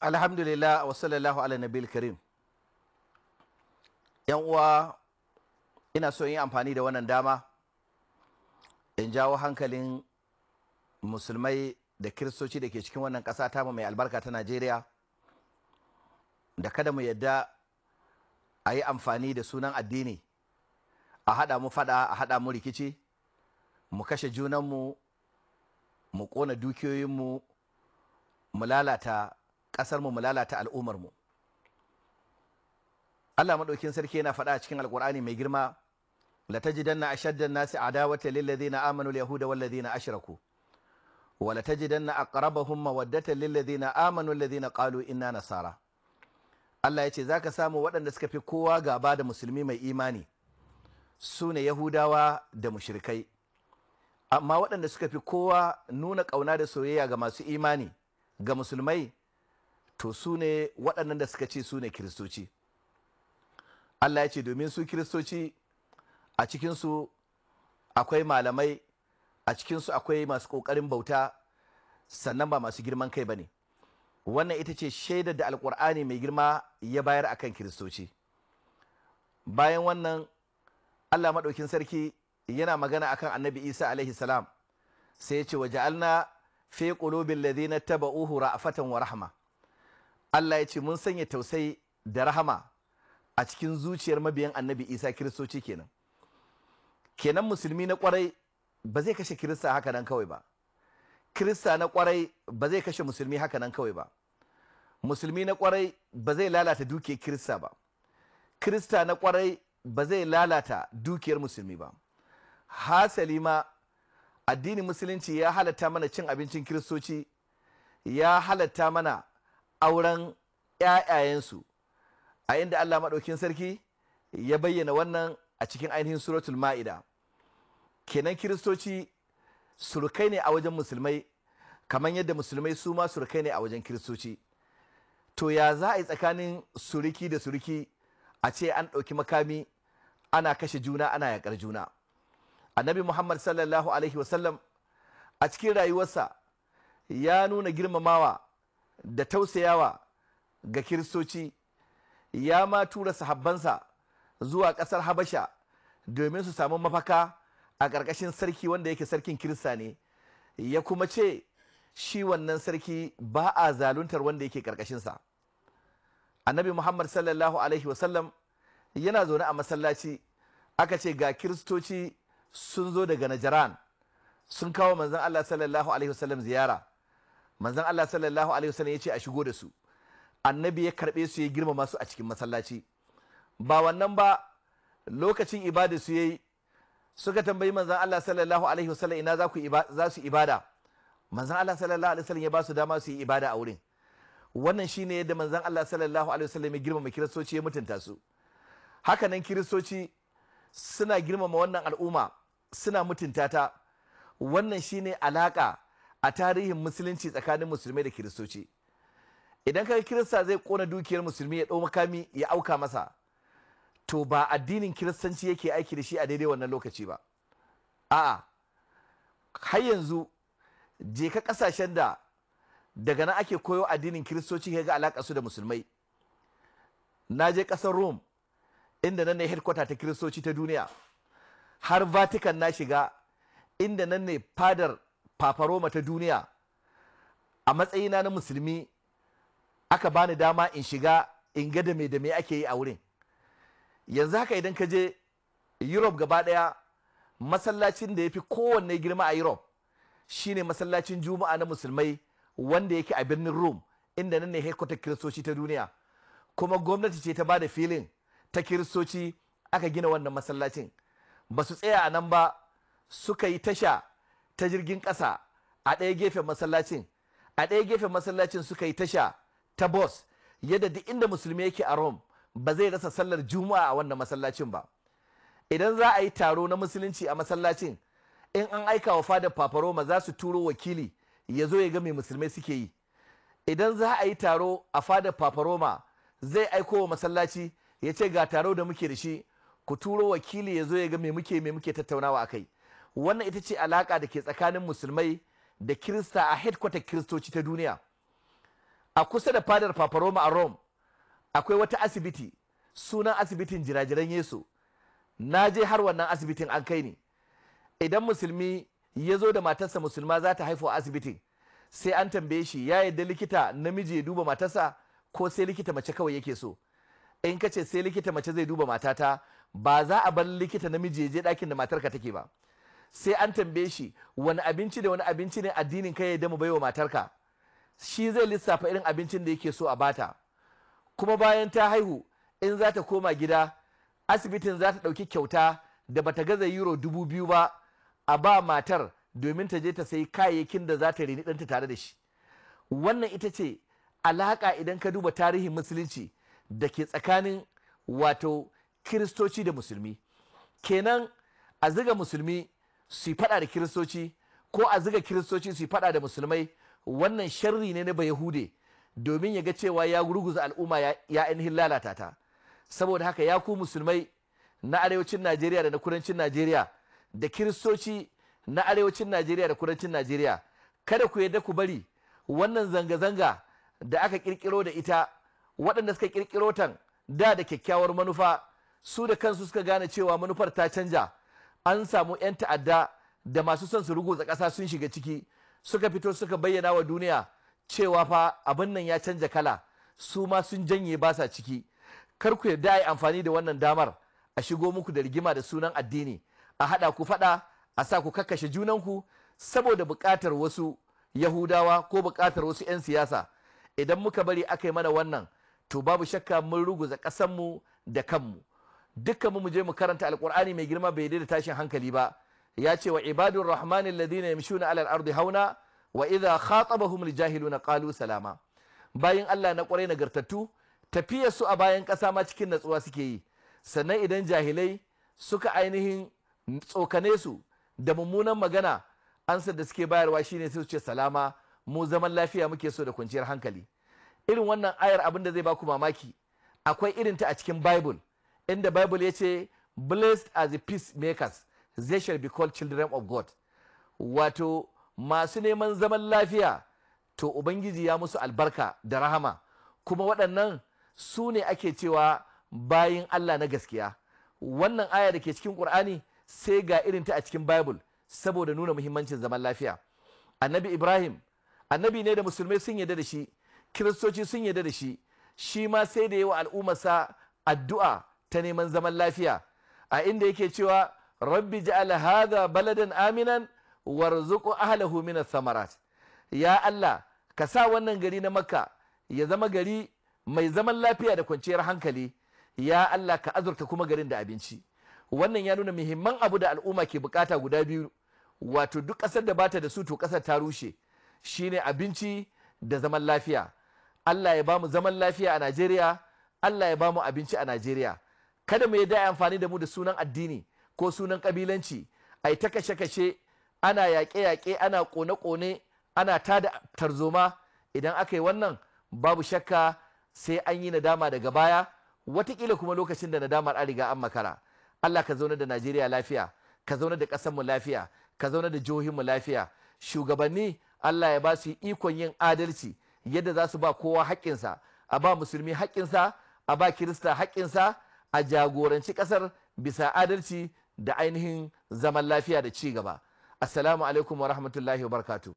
alhamdulillah wa sallallahu ala nabil karim yan uwa ina so yin amfani da wannan dama in jawo hankalin musulmai da kiristoci da ke cikin wannan ƙasa ta mai albarka ta najeriya da kada mu yadda a yi amfani da sunan addini a haɗa mu faɗa a haɗa mu rikici mu kashe junanmu mu kona dukiyoyinmu mu lalata Ƙasarmu mu mu lalata al'ummar mu Allah madaukin sarki yana faɗa a cikin alƙur'ani mai girma la tajidanna ashaddan nasi adawata lil ladina amanu al yahuda wal ladina ashraku wa la tajidanna aqrabahum mawaddatan lil ladina amanu al ladina qalu inna nasara Allah ya ce zaka samu waɗanda suka fi kowa gaba da musulmi mai imani su ne yahudawa da mushrikai amma waɗanda suka fi kowa nuna ƙauna da soyayya ga masu imani ga musulmai to su ne waɗannan da suka ce su ne kiristoci allah ya ce domin su kiristoci a cikinsu akwai malamai a cikinsu akwai masu ƙoƙarin bauta sannan ba masu girman kai ba ne wannan ita ce shaidar da Alƙur'ani mai girma ya bayar akan kiristoci bayan wannan allah maɗaukin sarki yana magana akan annabi isa alaihi salam sai ya ce wa ja'alna fi qulubil ladina a fatan wa rahma Allah ya ce mun sanya tausayi da rahama a cikin zuciyar mabiyan annabi isa kiristoci kenan kenan musulmi na kwarai ba zai kashe kirista haka nan kawai ba kirista na kwarai ba zai kashe musulmi haka nan kawai ba musulmi na kwarai ba zai lalata dukiyar kirista ba kirista na kwarai ba zai lalata dukiyar musulmi ba hasali ma addinin musulunci ya halatta mana cin abincin kiristoci ya halatta mana auren ‘ya'yayensu a inda Allah maɗaukin sarki ya bayyana wannan a cikin ainihin suratul ma'ida kenan kiristoci surukai ne a wajen musulmai kamar yadda musulmai su ma surukai ne a wajen kiristoci to ya za a yi tsakanin suruki da suruki a ce an ɗauki makami ana kashe juna ana yaƙar juna annabi muhammad sallallahu alaihi wasallam a cikin rayuwarsa ya nuna girmamawa da tausayawa ga kiristoci ya ma tura sahabbansa zuwa ƙasar habasha domin su samu mafaka a ƙarƙashin sarki wanda yake sarkin kirista ne ya kuma ce shi wannan sarki ba a zaluntar wanda yake ƙarƙashinsa annabi muhammad sallallahu alaihi wasallam yana zaune a masallaci aka ce ga kiristoci sun zo daga najaran sun kawo manzon allah sallallahu alaihi wasallam ziyara manzon Allah sallallahu alaihi wasallam ya ce a shigo da su annabi ya karbe su ya girmama su a cikin masallaci ba wannan ba lokacin ibada su yayi suka tambayi manzon Allah sallallahu alaihi wasallam ina za ku za su ibada manzon Allah sallallahu alaihi wasallam ya ba su dama su yi ibada a wurin wannan shine yadda manzon Allah sallallahu alaihi wasallam ya girmama kiristoci ya mutunta su haka nan kiristoci suna girmama wannan al'umma suna mutunta ta wannan shine alaka a tarihin musulunci tsakanin musulmai da kiristoci idan kaga kirista zai kona dukiyar musulmi ya ɗau makami ya auka masa to ba addinin kiristanci yake aiki da shi a daidai wannan lokaci ba a'a har yanzu je ka kasashen da daga nan ake koyo addinin kiristoci ga alaƙa su da musulmai na je ƙasar rome inda nan ne headquarter ta kiristoci ta duniya har vatican na shiga inda nan ne fadar fafaroma ta duniya a matsayina na musulmi aka bani dama in shiga in ga da me da me ake yi a wurin yanzu haka idan ka je europe gaba daya masallacin da ya fi kowanne girma a europe shine masallacin juma'a na musulmai wanda yake a birnin rome inda nan ne haikwatar kiristoci ta duniya kuma gwamnati ce ta ba da filin ta kiristoci aka gina wannan masallacin ba su tsaya a nan ba suka yi tasha ta jirgin ƙasa a ɗaya gefen masallacin a ɗaya gefen masallacin suka yi tasha ta bos yadda duk inda musulmi yake a rome ba zai rasa sallar juma'a a wannan masallacin ba idan za a yi taro na musulunci a masallacin in an aika wa fadar paparoma za su turo wakili ya zo ya ga mai musulmai suke yi idan za a yi taro a fadar paparoma zai aiko wa masallaci ya ce ga taro da muke da shi ku turo wakili ya zo ya ga me muke me muke tattaunawa a kai. wannan ita ce alaƙa da ke tsakanin musulmai da kirista a headquarter kiristoci ta duniya a kusa da fadar paparoma a rome akwai wata asibiti sunan asibitin jirajiran yesu na je har wannan asibitin an kai ni idan musulmi ya zo da matarsa musulma za ta haifu a asibitin sai an tambaye shi ya yadda likita namiji ya duba matarsa ko sai likita mace kawai yake so in ka ce sai likita mace zai duba matata ba za a bar likita namiji ya je ɗakin da matarka take ba sai an tambaye shi wani abinci da wani abinci ne addinin kai ya damu baiwa matarka shi zai lissafa irin abincin da yake so a bata kuma bayan ta haihu in za ta koma gida asibitin za ta ɗauki kyauta da bata gaza euro dubu biyu ba a ba matar domin ta je ta sayi kayayyakin da za ta rini ɗanta tare da shi wannan ita ce alaƙa idan ka duba tarihin musulunci da ke tsakanin wato kiristoci da musulmi kenan a ziga musulmi su faɗa da kiristoci ko a ziga kiristoci su faɗa da musulmai wannan sharri ne na bayahude domin ya ga cewa ya gurguza al'umma ya ainihin lalata ta saboda haka ya ku musulmai na arewacin najeriya da na kudancin najeriya da kiristoci na arewacin najeriya da kudancin najeriya kada ku yadda ku bari wannan zanga-zanga da aka kirkiro da ita waɗanda suka kirkiro tan da da kyakkyawar manufa su da kansu suka gane cewa manufar ta canja an samu 'yan ta'adda da masu son su rugutsa ƙasa sun shiga ciki suka fito suka bayyana wa duniya cewa fa abin nan ya canja kala su ma sun janye ba sa ciki kar ku yarda a yi amfani da wannan damar a shigo muku da rigima da sunan addini a haɗa ku faɗa a sa ku kakkashe junanku saboda buƙatar wasu yahudawa ko buƙatar wasu 'yan siyasa idan muka bari aka yi mana wannan to babu shakka mun ruguza ƙasanmu da kanmu dukkan mu je mu karanta alqur'ani mai girma bai da tashin hankali ba ya ce wa ibadur rahmani alladhina yamshuna al ardi hauna wa idha khatabahum na qalu salama bayin Allah na kwarai nagartattu tafiyar su a bayan kasa ma cikin natsuwa suke yi sannan idan jahilai suka ainihin tsokane su da mummunan magana ansar da suke bayarwa shine sai su ce salama mu zaman lafiya muke so da kwanciyar hankali irin wannan ayar abin da zai baku mamaki akwai irinta a cikin bible inda bible ya ce blessed as the peacemakers they shall be called children of god wato masu neman zaman lafiya to ubangiji ya musu albarka da rahama kuma waɗannan su ne ake cewa bayin allah na gaskiya wannan aya da ke cikin ƙur'ani sai ga irin ta a cikin bible saboda nuna muhimmancin zaman lafiya annabi ibrahim annabi ne da musulmai sun yarda da shi kiristoci sun yarda da shi shi ma sai da yawa al'ummarsa addu'a ta neman zaman lafiya a inda yake cewa rabbi ji hadha baladan aminan warzuqu ahlahu min samarat ya Allah ka sa wannan gari na makka ya zama gari mai zaman lafiya da kwanciyar hankali ya Allah ka azurta kuma garin da abinci wannan ya nuna muhimman abu da al'umma ke bukata guda biyu wato duk ƙasar da bata da su to ƙasar ta rushe shine abinci da zaman lafiya Allah ya bamu zaman lafiya a Najeriya Allah ya bamu abinci a Najeriya kada mu yadda amfani da mu da sunan addini ko sunan kabilanci ai ta kashe-kashe ana yaƙe-yaƙe ana ƙone-ƙone ana ta da tarzoma idan aka yi wannan babu shakka sai an yi nadama daga baya watakila kuma lokacin da nadamar an riga an makara Allah ka zauna da Najeriya lafiya ka zauna da ƙasarmu lafiya ka zauna da jihohinmu lafiya shugabanni Allah ya ba su ikon yin adalci yadda za su ba kowa haƙƙinsa a ba musulmi haƙƙinsa a ba kirista haƙƙinsa a jagoranci kasar bisa adalci da ainihin zaman lafiya da ci gaba assalamu alaikum wa rahmatullahi wa barkatu